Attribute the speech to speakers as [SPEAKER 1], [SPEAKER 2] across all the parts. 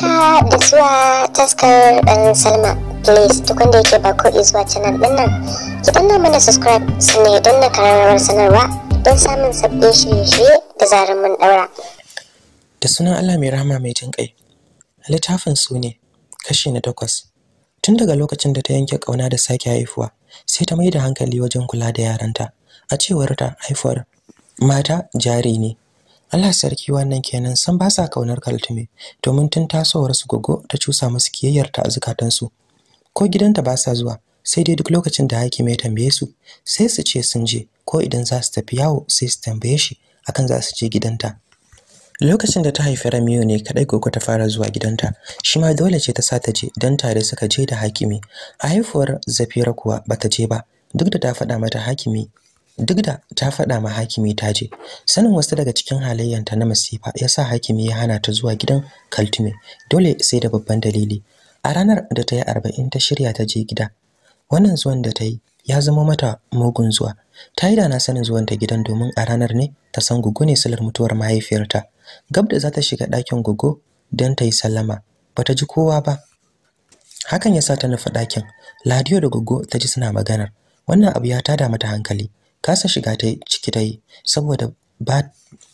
[SPEAKER 1] haka da zuwa taskar dan salma please duk wanda yake ba ko zuwa canal din nan ki danna mana subscribe sannan ya danna karamar sanarwa don samun sabbin shirye-shirye da zarar mun daura da sunan allah mai rahama mai jin kai littafin su ne kashi na takwas tun daga lokacin da ta yanke kauna da sake haifuwa sai ta mai da hankali wajen kula da yaranta a cewar ta haifar, mata jari ne Allah sarki wannan kenan san ba sa kaunar kaltume domin tun tasowar su gogo ta cusa musu kiyayyar ta azukatan su ko gidanta ba sa zuwa sai dai duk lokacin da hakimi ya tambaye su sai su ce sun je ko idan za su tafi yawo sai su tambaye shi akan za su je gidanta lokacin da ta haifi ramiyo ne kadai gogo ta fara zuwa gidanta shi ma dole ce ta sa ta je dan tare suka je da hakimi a haifuwar Zafira kuwa bata je ba duk da ta faɗa mata hakimi duk da ta faɗa ma hakimi ta je sanin wasu daga cikin halayyanta na masifa ya sa hakimi ya hana ta zuwa gidan kaltume dole sai da babban dalili a ranar da ta yi arba'in ta shirya ta je gida wannan zuwan da ta yi ya zama mata mugun zuwa ta yi da na sanin zuwan ta gidan domin a ranar ne ta san gugu ne silar mutuwar mahaifiyarta gab da za ta shiga ɗakin gugu don ta yi sallama ba ta ji kowa ba hakan ya sa ta nufa ɗakin ladiyo da gugu ta ji suna maganar wannan abu ya tada mata hankali kasa shiga ta ciki ta yi saboda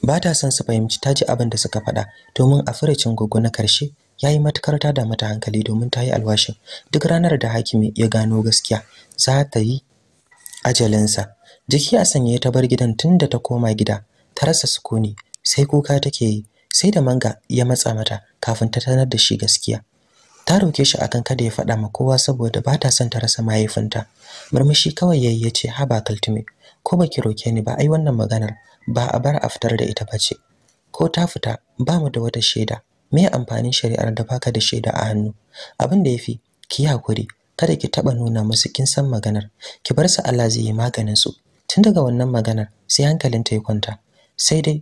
[SPEAKER 1] ba ta son su fahimci ta ji abin da suka faɗa domin a furucin gogo na karshe ya yi matukarta ta da mata hankali domin ta yi alwashin duk ranar da hakimi ya gano gaskiya za ta yi ajalinsa jiki a sanye ta bar gidan tun da ta koma gida ta rasa sukuni sai kuka take yi sai da manga ya matsa mata kafin ta tanar da shi gaskiya ta roke shi akan kada ya faɗa ma kowa saboda ba ta son ta rasa mahaifinta murmushi kawai yayi ce haba kaltume ko baki roke ni ba ai wannan maganar ba a bar a fitar da ita bace ko ta fita ba mu da wata shaida me amfanin shari'ar da baka da shaida a hannu abin da yafi ki hakuri kada ki taɓa nuna musu kin san maganar ki bar su Allah zai yi maganin su tun daga wannan maganar sai hankalinta ya kwanta sai dai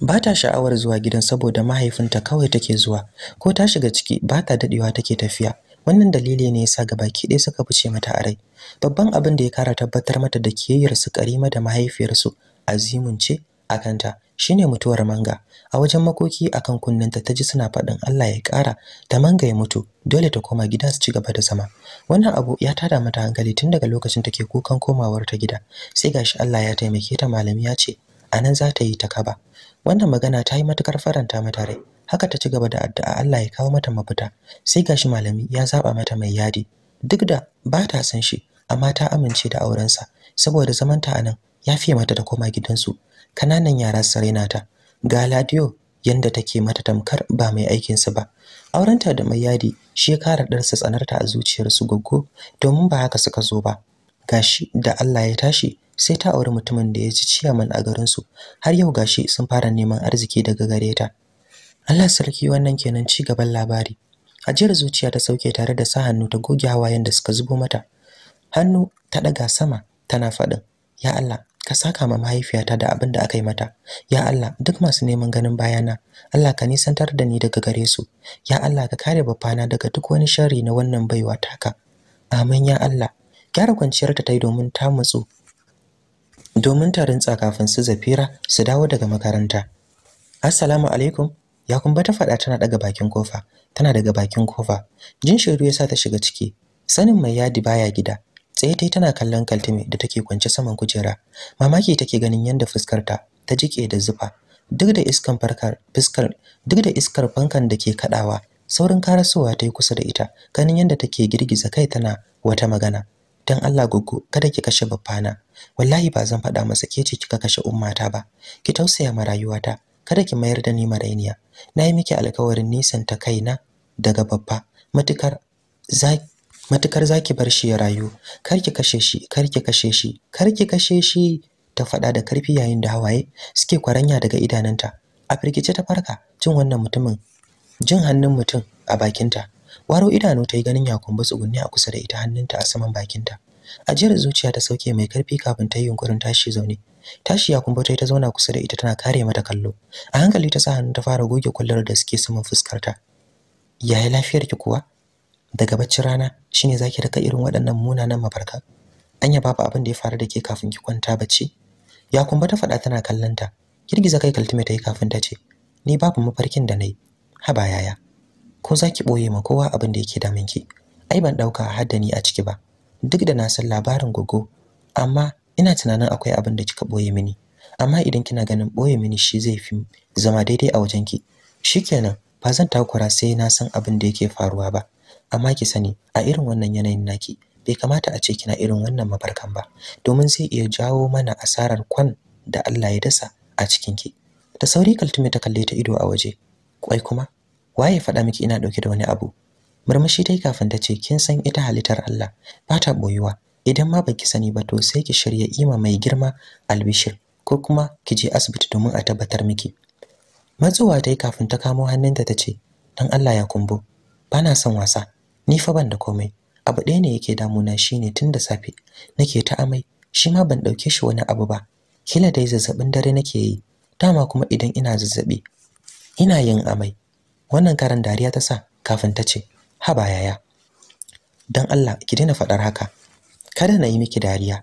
[SPEAKER 1] ba ta sha'awar zuwa gidan saboda mahaifinta kawai take zuwa ko ta shiga ciki ba ta dadewa take tafiya wannan dalili ne yasa baki ɗaya suka fice mata a rai babban abin da ya kara tabbatar mata da kiyayyar su karima da mahaifiyarsu azimun ce a kanta shine mutuwar manga a wajen makoki akan kunnen ta ji suna faɗin Allah ya ƙara ta manga ya mutu dole ta koma gida su ci gaba da zama wannan abu ya tada mata hankali tun daga lokacin take kukan komawar ta gida sai gashi Allah ya taimake ta malami ya ce anan za ta yi ta kaba wannan magana ta yi matukar faranta mata rai haka ta ci gaba da addu'a Allah ya kawo mata mafita sai gashi malami ya zaba mata mai yadi duk da ba ta san shi amma ta amince da aurensa saboda zamanta anan ya fiye mata da koma gidansu kananan yara sarena ta ga Ladiyo yanda take mata tamkar ba mai aikinsu ba aurenta da mai yadi shi ya kara ɗarsa tsanarta a zuciyarsu goggo domin ba haka suka zo ba gashi da Allah ya tashi sai ta auri mutumin da ya ci ciyaman a garinsu har yau gashi sun fara neman arziki daga gare ta Allah sarki wannan kenan ci gaban labari ajiyar zuciya ta sauke tare da sa hannu ta goge hawayen da suka zubo mata hannu ta ɗaga sama tana faɗin ya Allah ka saka ma mahaifiyata da abin da aka yi mata ya Allah duk masu neman ganin bayana Allah ka nisantar da ni daga gare su ya Allah ka kare babbana daga duk wani sharri na wannan baiwa taka amin ya Allah gyara kwanciyarta ta yi domin ta matsu domin tarin rintsa kafin su zafira su dawo daga makaranta assalamu alaikum ya kumba ta faɗa tana daga bakin kofa tana daga bakin kofa jin shiru ya sa ta shiga ciki sanin mai yadi baya gida tsaye tai tana kallon kaltume da take kwance saman kujera mamaki take ganin yanda fuskarta ta jike da zufa duk da iskan farkar fuskar duk da iskar fankan da ke kaɗawa, saurin karasowa ta yi kusa da ita ganin yadda take girgiza kai tana wata magana dan Allah gugu kada ki kashe na, wallahi ba zan faɗa masa ke ce kika kashe ummata ba ki tausaya ma rayuwata kada ki mayar da ni marainiya na yi miki alƙawarin nisan ta kaina daga babba matukar za matukar zaki bar shi ya rayu kar ki kashe shi kar ki kashe shi kar ki kashe shi ta faɗa da karfi yayin da hawaye suke kwaranya daga idananta a firgice ta farka jin wannan mutumin jin hannun mutum a bakinta waro idanu ta yi ganin yakumba tsugunne a kusa da ita hannunta a saman bakinta ajiyar zuciya ta sauke mai karfi kafin ta yi yunkurin tashi zaune tashi yakumba ta yi ta zauna kusa da ita tana kare mata kallo a hankali ta sa hannu ta fara goge kullar da suke saman fuskarta yaya lafiyarki kuwa daga baccin rana shine zaki rika irin waɗannan munanan mafarka anya babu abin da ya faru da ke kafin ki kwanta bacci yakumba ta faɗa tana kallon ta girgiza kai kaltume ta yi kafin ta ce ni babu mafarkin da nayi haba yaya ko za ki ɓoye ma kowa abin da yake damun ki ai ban ɗauka da ni a ciki ba duk da na san labarin gogo amma ina tunanin akwai abin da kika ɓoye mini amma idan kina ganin ɓoye mini shi zai fi zama daidai a wajen ki shikenan ba zan takura sai na san abin da yake faruwa ba amma ki sani a irin wannan yanayin naki bai kamata a ce kina irin wannan mafarkan ba domin zai iya jawo mana asarar kwan da Allah ya dasa a cikin ki da sauri kaltume ta kalle ta ido a waje kwai kuma waye faɗa miki ina ɗauke da wani abu murmushi dai kafin ta ce kin san ita halittar Allah ba ta boyuwa idan ma baki sani ba to sai ki shirya ima mai girma albishir ko kuma ki je asibiti domin a tabbatar miki matsuwa dai kafin ta kamo hannunta ta ce dan Allah ya kumbo bana son wasa ni fa ban da komai abu ɗaya ne yake damuna shine tun da safe nake ta amai shi ma ban ɗauke shi wani abu ba kila dai zazzabin dare nake yi dama kuma idan ina zazzabi ina yin amai wannan karan dariya ta sa kafin ta ce haba yaya Don Allah ki daina faɗar haka kada na yi miki dariya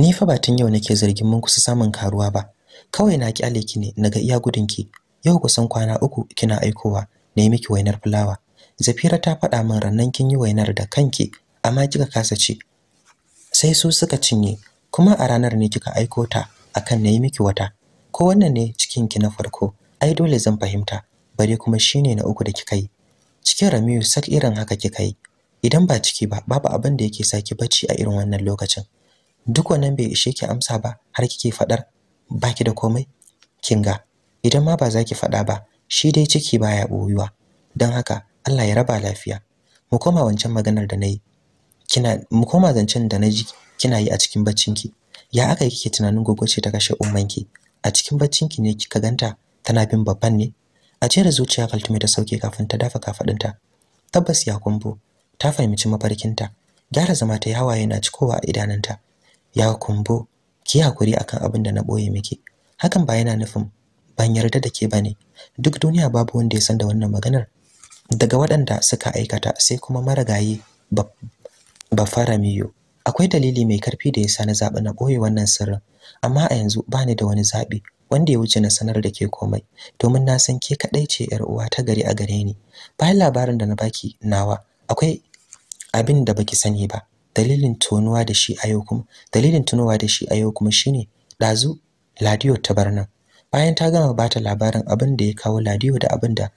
[SPEAKER 1] ni fa ba tun yau nake zargin mun kusa samun karuwa ba kawai na ki aleki ne naga iya gudun ki yau kusan kwana uku kina aikowa na yi miki wainar fulawa zafira ta faɗa min rannan kin yi wainar da kanki amma kika kasa ce sai su suka cinye kuma a ranar ne kika aiko ta akan na yi miki wata ko wannan ne cikin ki na farko ai dole zan fahimta bare kuma shine na uku da kika yi cikin Ramiyu sak irin haka kika yi idan ba ciki ba babu abin da yake saki bacci a irin wannan lokacin duk wannan bai ishe ki amsa ba har kike fadar baki da komai kinga idan ma ba za ki fada ba shi dai ciki baya boyuwa don haka Allah ya raba lafiya mu koma wancan maganar da nayi kina mu koma zancen da naji kina yi a cikin baccin ki. ya aka yi kike tunanin gogoce ta kashe ummanki a cikin baccinki ne kika ganta tana bin babban ne a jera zuciya faltume ta sauke kafin ta dafa kafadinta tabbas ya kumbu ta fahimci mafarkinta gyara zama ta yawa yana cikowa a idananta ya kumbu ki hakuri akan abin da na boye miki hakan ba yana nufin ban yarda da ke bane duk duniya babu wanda ya san da wannan maganar daga waɗanda suka aikata sai kuma maragayi ba fara miyo akwai dalili mai karfi da yasa na zaɓi na ɓoye wannan sirrin amma a yanzu ba ni da wani zaɓi wanda ya wuce na sanar da ke komai domin na san ke kaɗai ce yar uwa ta gari a gare ni bayan labarin da na baki nawa akwai abin da baki sani ba dalilin tunuwa da shi a yau kuma dalilin tunuwa da shi a yau kuma shine ɗazu ladiyo ta bar nan bayan ta gama bata labarin abin da ya kawo ladiyo da abin da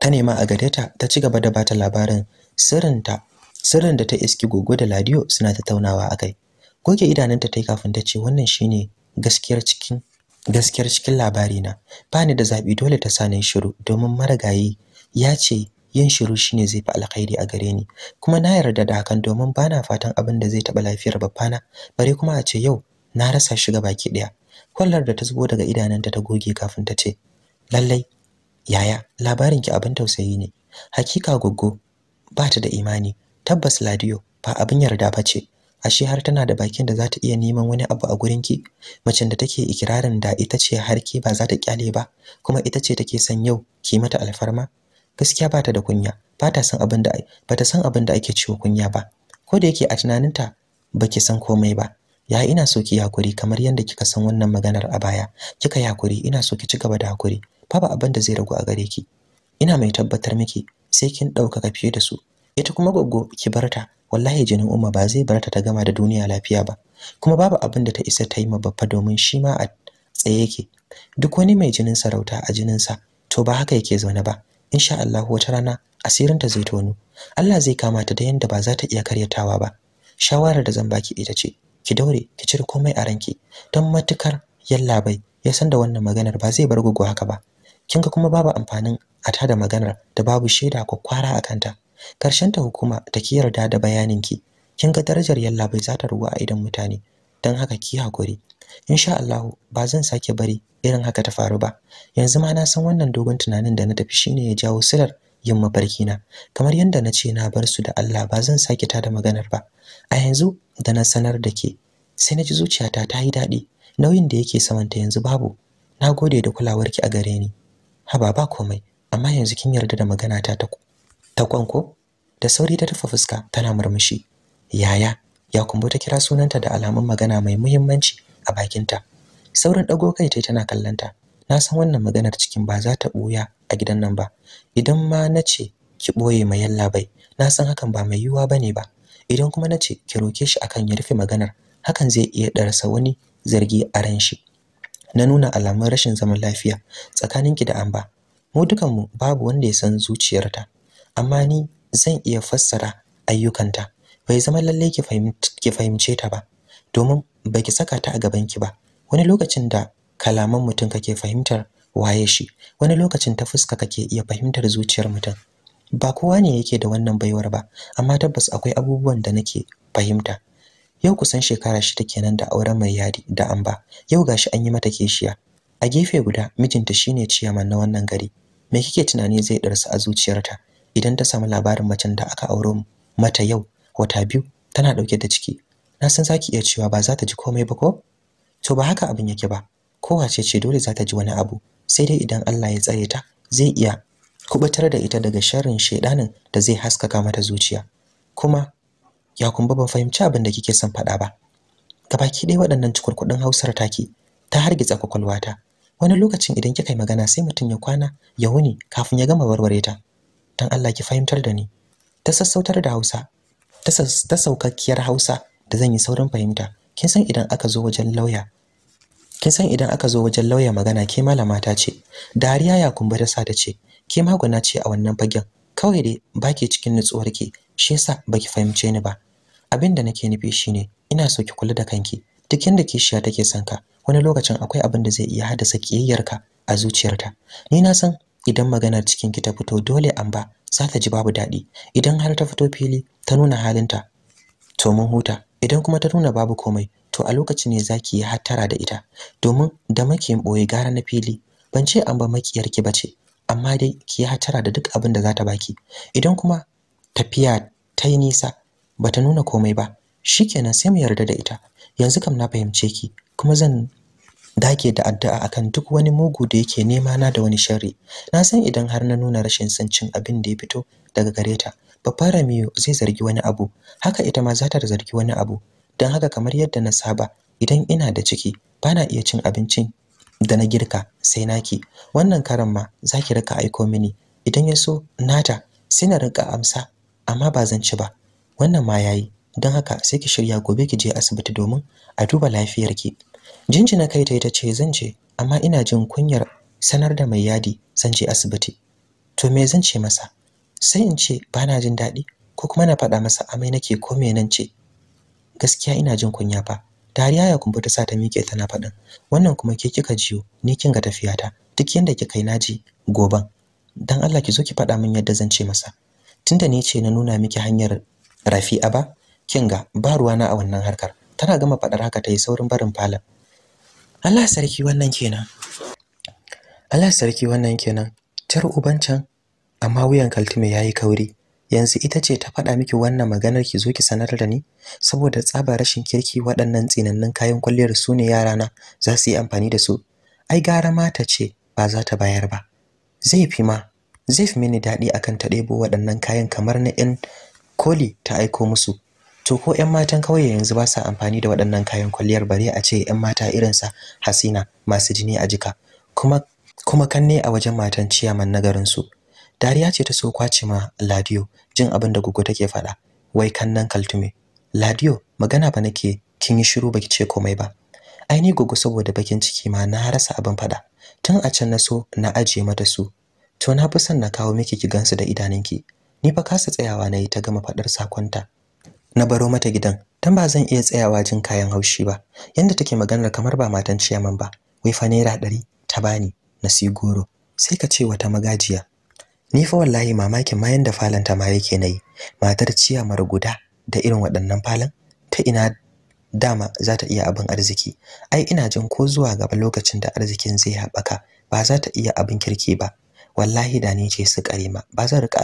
[SPEAKER 1] ta nema a gare ta ta ci gaba da bata labarin sirrinta sirrin da ta iski gogo da ladiyo suna tattaunawa akai goge idanunta ta yi kafin ta ce wannan shine gaskiyar cikin gaskiyar cikin labarina ba ni da zaɓi dole ta sa ni shiru domin marigayi ya ce yin shiru shine zai fi alkhairi a gare ni kuma na yarda da hakan domin ba na fatan abin da zai taɓa lafiyar babbana bare kuma a ce yau na rasa shi ga baki ɗaya kwallar da ta zubo daga idananta ta goge kafin ta ce lallai yaya labarin ki abin tausayi ne hakika goggo ba ta da imani tabbas ladiyo ba abin yarda ba ce ashe har tana da bakin da za ta iya neman wani abu a gurin ki. macen da take ikirarin da ita ce har ki ba za ta kyale ba kuma ita ce take son yau ki mata alfarma gaskiya ba ta da kunya ba ta san abin da ba ta san abin da ake ciwo kunya ba ko da yake a tunaninta baki san komai ba ya ina so ki hakuri kamar yadda kika san wannan maganar a baya kika hakuri ina so ki ci gaba da hakuri babu abin da zai ragu a gare ki ina mai tabbatar miki sai kin ɗaukaka fiye da su ita kuma goggo ki barta wallahi jinin umma ba zai barta ta gama da duniya lafiya ba kuma babu abin da ta isa ta yi ma babba domin shi ma a tsaye yake duk wani mai jinin sarauta a jinin sa to ba haka yake zaune ba insha Allah wata rana asirin ta zai tono Allah zai kama ta da yanda ba za ta iya karyatawa ba shawarar da zan baki ita ce ki daure ki cire komai a ranki don matukar yallabai ya san da wannan maganar ba zai bar gugu haka ba kin ga kuma babu amfanin a tada maganar da babu shaida ko kwara a kanta karshen ta hukuma ta ki yarda da bayanin ki kin ga darajar yalla bai za ruwa a idan mutane dan haka ki hakuri insha Allah ba zan sake bari irin haka ta faru ba yanzu ma na san wannan dogon tunanin da na tafi shine ya jawo silar yin mafarki na kamar yadda na ce na bar su da Allah ba zan sake ta da maganar ba a yanzu da na sanar da ke sai na ji zuciyata ta yi daɗi nauyin da yake samanta yanzu babu na gode da kulawarki a gare ni haba ba komai amma yanzu kin yarda da maganata ta ta kwanko da sauri ta rufe fuska tana murmushi yaya ya kumbu ta kira sunanta da alamun magana mai muhimmanci a bakinta Sauran dago kai tai tana kallanta na san wannan maganar cikin ba za ta buya a gidan nan ba idan ma nace ki boye mai yalla bai na san hakan ba mai yiwuwa bane ba idan kuma na ce ki roke shi akan ya rufe maganar hakan zai iya darasa wani zargi a ran shi na nuna alamun rashin zaman lafiya tsakaninki da ba mu dukanmu babu wanda ya san zuciyarta amma ni zan iya fassara ayyukanta bai zama lalle ki ki fahimce ta ba domin baki saka ta a gaban ki ba wani lokacin da kalaman mutum kake fahimtar waye shi wani lokacin ta fuska kake iya fahimtar zuciyar mutum ba kowa ne yake da wannan baiwar ba amma tabbas akwai abubuwan da nake fahimta yau kusan shekara shida kenan da auren mai yadi da amba yau gashi an yi mata keshiya a gefe guda mijinta shine ciyaman na wannan gari me kike tunani zai darsa a zuciyarta idan ta samu labarin macen da aka auro mata yau wata biyu tana dauke da ciki na san zaki iya cewa ba za ta ji komai ba ko to ba haka abin yake ba kowace ce dole za ta ji wani abu sai dai idan Allah ya tsare ta zai iya kubutar da ita daga sharrin shedanin da zai haskaka mata zuciya kuma ya kumba ban fahimci abin da kike son faɗa ba gabaki ɗaya waɗannan cikurkudin hausar taki. ta hargitsa kwakwalwata wani lokacin idan kika yi magana sai mutum ya kwana ya wuni kafin ya gama warware ta dan Allah ki fahimtar da ni ta sassautar da Hausa ta saukakkiyar Hausa da zan yi saurin fahimta kin san idan aka zo wajen lauya kin san idan aka zo wajen lauya magana ke malama ta ce dariya ya kumba ta sa ta ce ke maguna ce a wannan fagen kawai dai baki cikin nutsuwar ki, shi yasa baki fahimce ni ba abin da nake nufi shine ina so ki kula da kanki duk yanda kishiya take son ka wani lokacin akwai abin da zai iya haddasa kiyayyarka a zuciyarta ni na san idan maganar cikin ki ta fito dole an ba za ta ji babu daɗi idan har ta fito fili ta nuna halinta to mun huta idan kuma ta nuna babu komai to a lokacin ne zaki yi hattara da ita domin da muke boye gara na fili ban ce an ba makiyar ki bace amma dai ki yi hattara da duk abin da za ta baki idan kuma tafiya ta yi nisa ba ta nuna komai ba shikenan sai mu yarda da ita yanzu kam na fahimce ki kuma zan dage da addu'a akan duk wani mugu da yake nema na da wani sharri na san idan har na nuna rashin son cin abin da ya fito daga gare ta babbar Ramiu zai zargi wani abu haka ita ma za ta zargi wani abu don haka kamar yadda na saba idan ina da ciki bana iya cin abincin da na girka sai naki wannan karan ma zaki rika aiko mini idan ya so nata sai na rika amsa amma ba zan ci ba wannan ma yayi don haka sai ki shirya gobe ki je asibiti domin a duba lafiyarki Jinji na kai ta ita ce zan je amma ina jin kunyar sanar da mai yadi zan je asibiti to me zan ce masa sai in ce bana jin daɗi ko kuma na faɗa masa amai nake ko me nan ce gaskiya ina jin kunya fa dariya ya kumbu ta sa ta miƙe tana faɗin wannan kuma ke kika jiyo ni kin ga tafiyata duk yanda kika yi naji goban dan Allah ki zo ki faɗa min yadda zan ce masa tunda ni ce na nuna miki hanyar rafi'a ba kin ga ba ruwana a wannan harkar tana gama faɗar haka ta yi saurin barin falon Allah sarki wannan kenan Allah sarki wannan kenan tar uban can amma wuyan kaltume yayi kauri yanzu ita ce ta faɗa miki wannan maganar ki zo ki sanar da ni saboda tsaba rashin kirki waɗannan tsinannun kayan kwalliyar su ne na za su yi amfani da su ai gara mata ce ba za ta bayar ba zai fi ma zai fi mini daɗi akan ta ɗebo waɗannan kayan kamar na 'yan koli ta aiko musu to ko ƴan matan kauye yanzu ba sa amfani da waɗannan kayan kwalliyar bare a ce ƴan mata irin sa Hasina masu jini a jika kuma kuma kanne a wajen matan ciyaman na su dariya ce ta so kwace ma Ladiyo jin abin da gugu take faɗa wai kannan kaltume Ladiyo magana ba nake kin yi shiru baki ce komai ba aini gugu saboda bakin ciki ma na rasa abin faɗa tun a can na so na aje mata su to na fi son na kawo miki ki gansu da idanunki ni fa kasa tsayawa na yi ta gama faɗar sakonta na baro mata gidan dan ba zan iya tsayawa jin kayan haushi ba yanda take maganar kamar ba matan ciyaman ba wai fa naira 100 ta bani na goro. sai ka ce wata magajiya ni fa wallahi mamakin ma yanda ta ma yake nayi matar ciyamar guda da irin waɗannan falan ta ina dama za ta iya abin arziki ai ina jin ko zuwa gaba lokacin da arzikin zai haɓaka ba za ta iya abin kirki ba wallahi da ni ce su karima ba zan rika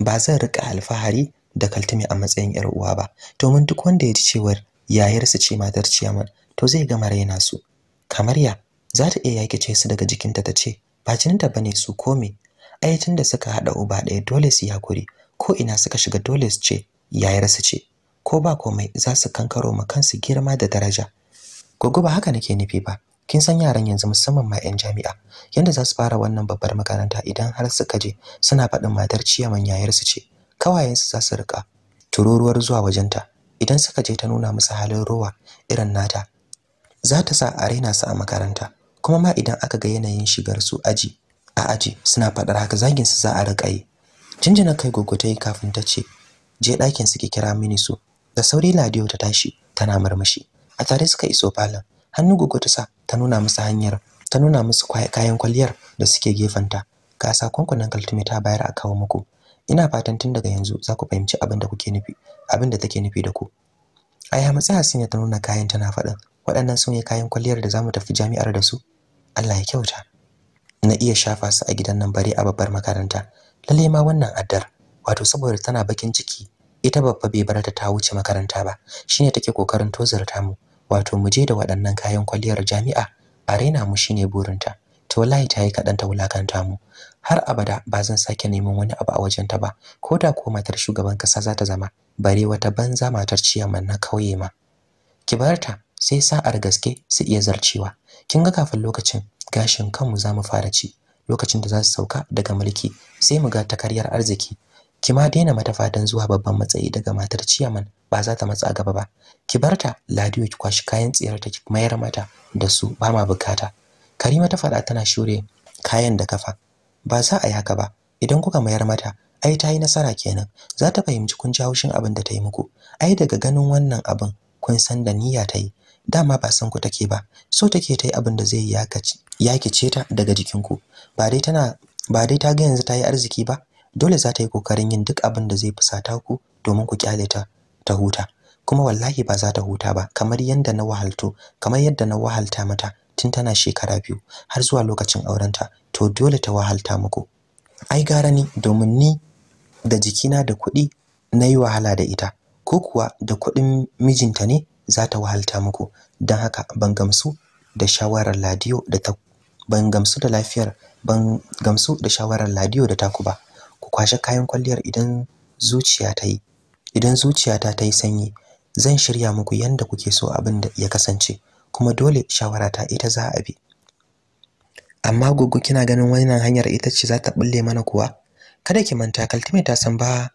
[SPEAKER 1] ba zan rika alfahari da kaltumi a matsayin yar uwa ba domin duk wanda ya ji cewar yayarsa ce matar ciyaman to zai gama raina su kamar ya za ta iya yake ce su daga jikinta ta ce ba jininta bane su ko me ayatun da suka haɗa uba ɗaya dole su ya kuri, ko ina suka shiga dole su ce yayarsa ce ko ba komai za su kankaro ma kansu girma da daraja gogo ba haka nake nufi ba kin san yaran yanzu musamman ma 'yan jami'a yanda za su fara wannan babbar makaranta idan har suka je suna faɗin matar ciyaman yayarsu ce kawayensu za su rika tururuwar zuwa wajenta idan suka je ta nuna musu halin rowa irin nata za ta sa a raina su a makaranta kuma ma idan aka ga yanayin shigar su aji a aji suna faɗar haka zagin su za a rika yi jinjina kai yi kafin ta ce je ɗakin suke kira mini su da sauri ladiyo ta tashi tana murmushi a tare suka iso falon hannu gogo ta sa ta nuna musu hanyar ta nuna musu kayan kwalliyar da suke gefenta ga sakon nan kaltume ta bayar a kawo muku ina fatan tun daga yanzu za ku fahimci abin da kuke nufi abin da take nufi da ku a ya matsa Hasina ta nuna kayan tana faɗin waɗannan sune yi kayan kwalliyar da za mu tafi jami'ar da su Allah ya kyauta na iya shafa su a gidan nan bare a babbar makaranta lalle ma wannan addar wato saboda tana bakin ciki ita babba bai bar ta ta wuce makaranta ba shine take kokarin tozarta mu wato mu je da waɗannan kayan kwalliyar jami'a a raina mu shine burinta to wallahi ta yi kaɗan ta wulakanta mu har abada ba zan sake neman wani abu a wajenta ba ko da ko matar shugaban kasa za ta zama bare wata banza matar ciyaman na kauye ma ki bar ta sai sa'ar gaske su iya zarcewa kin ga kafin lokacin gashin kanmu za mu fara ci lokacin da za su sauka daga mulki sai mu ga takaryar arziki ki ma daina mata fatan zuwa babban matsayi daga matar ciyaman ba za ta matsa gaba ba ki barta ladiyo ki kwashi kayan ta ki mayar mata da su ba ma bukata Karima ta faɗa tana shure kayan da kafa. Ba za a yi haka ba. Idan kuka mayar mata, ai ta yi nasara kenan. Za ta fahimci kun ji haushin abin da ta yi muku. Ai daga ganin wannan abin kun san da niyya ta yi. Dama ba san ku take ba. So take ta yi abin da zai yakice ta daga jikinku. Ba dai tana ba dai ta ga yanzu ta yi arziki ba. Dole za ta yi kokarin yin duk abin da zai fusata ku domin ku kyale ta ta huta. Kuma wallahi ba za ta huta ba kamar yadda na wahalto kamar yadda na wahalta mata tun tana shekara biyu har zuwa lokacin aurenta to dole ta wahalta muku ai gara ni domin ni da jikina da kuɗi na yi wahala da ita ko kuwa da kuɗin mijinta ne za ta wahalta muku don haka ban gamsu da shawarar ladiyo da ta ban gamsu da lafiyar ban gamsu da shawarar ladiyo da taku ba ku kwashe kayan kwalliyar idan zuciya ta yi idan zuciyata ta yi sanyi zan shirya muku yadda kuke so abin da ya kasance kuma dole shawarata ita za a bi amma gugu kina ganin wannan hanyar ita ce za ta bulle mana kuwa kada ki manta kaltume ta san ba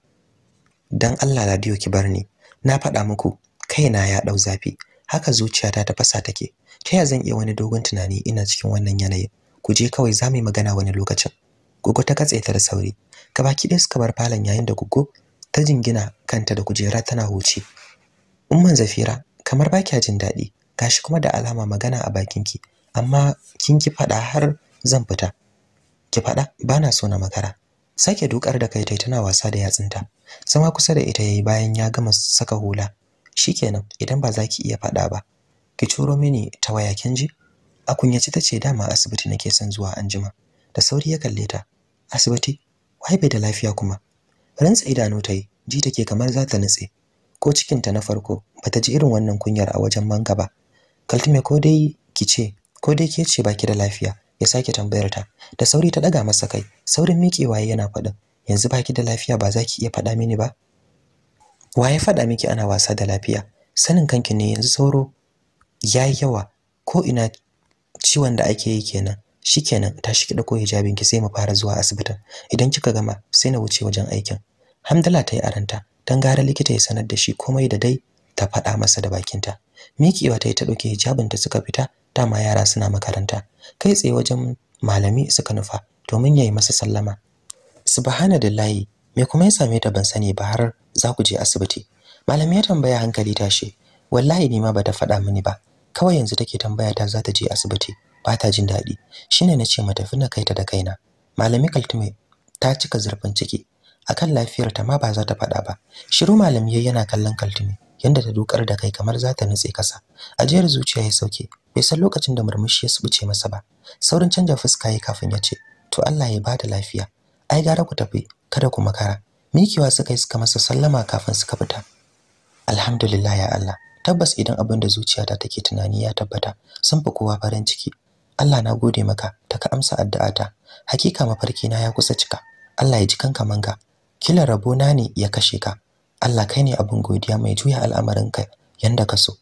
[SPEAKER 1] dan Allah radio ki bar ni na faɗa muku kaina ya dau zafi haka zuciyata ta fasa take ta ya zan iya wani dogon tunani ina cikin wannan yanayin ku je kawai za mu yi magana wani lokacin gugu ta katse ta da sauri gabaki ɗaya suka bar falon yayin da gugu ta jingina kanta da kujera tana huce umman zafira kamar ba kya jin daɗi gashi kuma da alama magana a bakin ki, amma kin ki faɗa har zan fita ki faɗa bana so na makara sake dukar da kai tai tana wasa da yatsunta sama kusa da ita yayi bayan ya gama saka hula shikenan idan ba za ki iya faɗa ba ki curo mini ta waya kin ji a kunyaci ce dama asibiti nake son zuwa anjima da sauri ya kalle ta asibiti wai bai da lafiya kuma rantsa idanu tai ji take kamar za ta nutse ko cikinta na farko bata ji irin wannan kunyar a wajen manka ba kaltume ko dai ki ce ko dai ke ce baki da lafiya ya sake tambayar ta da sauri ta daga masa kai saurin miƙewa yana faɗin yanzu baki da lafiya ba za ki iya faɗa mini ba wa ya faɗa miki ana wasa da lafiya sanin kanki ne yanzu sauro ya yi yawa ko ina ciwon da ake yi kenan shikenan ta ki ko hijabin ki sai mu fara zuwa asibitin idan kika gama sai na wuce wajen aikin hamdala ta yi aranta dan gara likita ya sanar da shi komai da dai ta faɗa masa da bakinta mikiwa ta yi ta ɗauke hijabinta suka fita dama yara suna makaranta kai tsaye wajen malami suka nufa domin ya yi masa sallama subhanallahi me kuma ya same ta ban sani ba har za ku je asibiti malami ya tambaya hankali tashi wallahi ni ma bata faɗa mini ba kawai yanzu take tambaya ta za ta je asibiti ba ta jin daɗi shine na ce mata fina ta da kaina malami kaltume ta cika zurfin ciki akan lafiyarta ma ba za ta faɗa ba shiru malami yana kallon kaltume yanda ta dukar da kai kamar za ta nutse kasa ajiyar zuciya ya sauke bai san lokacin da murmushi ya subuce masa ba saurin canja fuska ya kafin ya ce to Allah ya bada lafiya ai gara ku tafi kada ku makara mikiwa suka yi suka masa sallama kafin suka fita alhamdulillah ya Allah tabbas idan abin da zuciyata take tunani ya tabbata sun fi kowa farin ciki Allah na gode maka ta ka amsa ta. hakika mafarki na ya kusa cika Allah ya ji kanka manga kila rabona ne ya kashe ka Allah kai ne abin godiya mai juya al'amarinka yanda ka so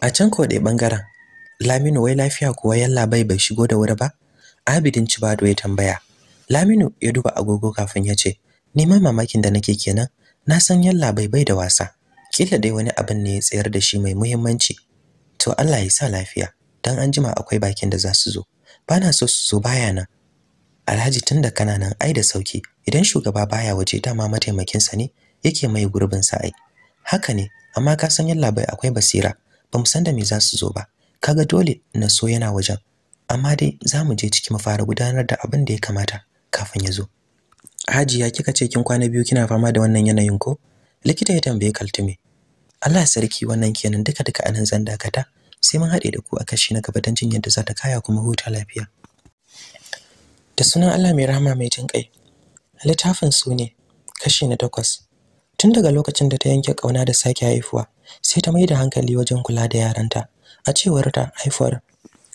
[SPEAKER 1] a can ko dai bangaren Laminu wai lafiya kuwa yalla bai bai shigo da wuri ba Abidin Cibado ya tambaya Laminu ya duba agogo kafin ya ce ni ma mamakin da nake kenan na san yalla bai bai da wasa kila dai wani abin ne ya tsayar da shi mai muhimmanci to Allah ya sa lafiya dan anjima akwai bakin da za su zo bana so su zo baya nan Alhaji tunda kana nan ai da sauki idan shugaba baya waje dama mataimakinsa ne yake mai gurbin sa ai haka ne amma ka san yalla bai akwai basira Ba mu san da me za su zo ba kaga dole na so yana wajen amma dai za mu je ciki mu fara gudanar da abin da ya kamata kafin ya zo hajiya kika ce kin kwana biyu kina fama da wannan yanayin ko likita ya tambaye kaltume Allah sarki wannan kenan duka duka anan zan dakata sai mun haɗe da ku a kashi na gaba don jin yadda za ta kaya kuma huta lafiya da sunan Allah mai rahama mai jin kai littafin su ne kashi na takwas tun daga lokacin da ta yanke kauna da sake haifuwa sai ta mai da hankali wajen kula da yaranta a cewar ta haifar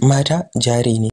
[SPEAKER 1] mata jari ne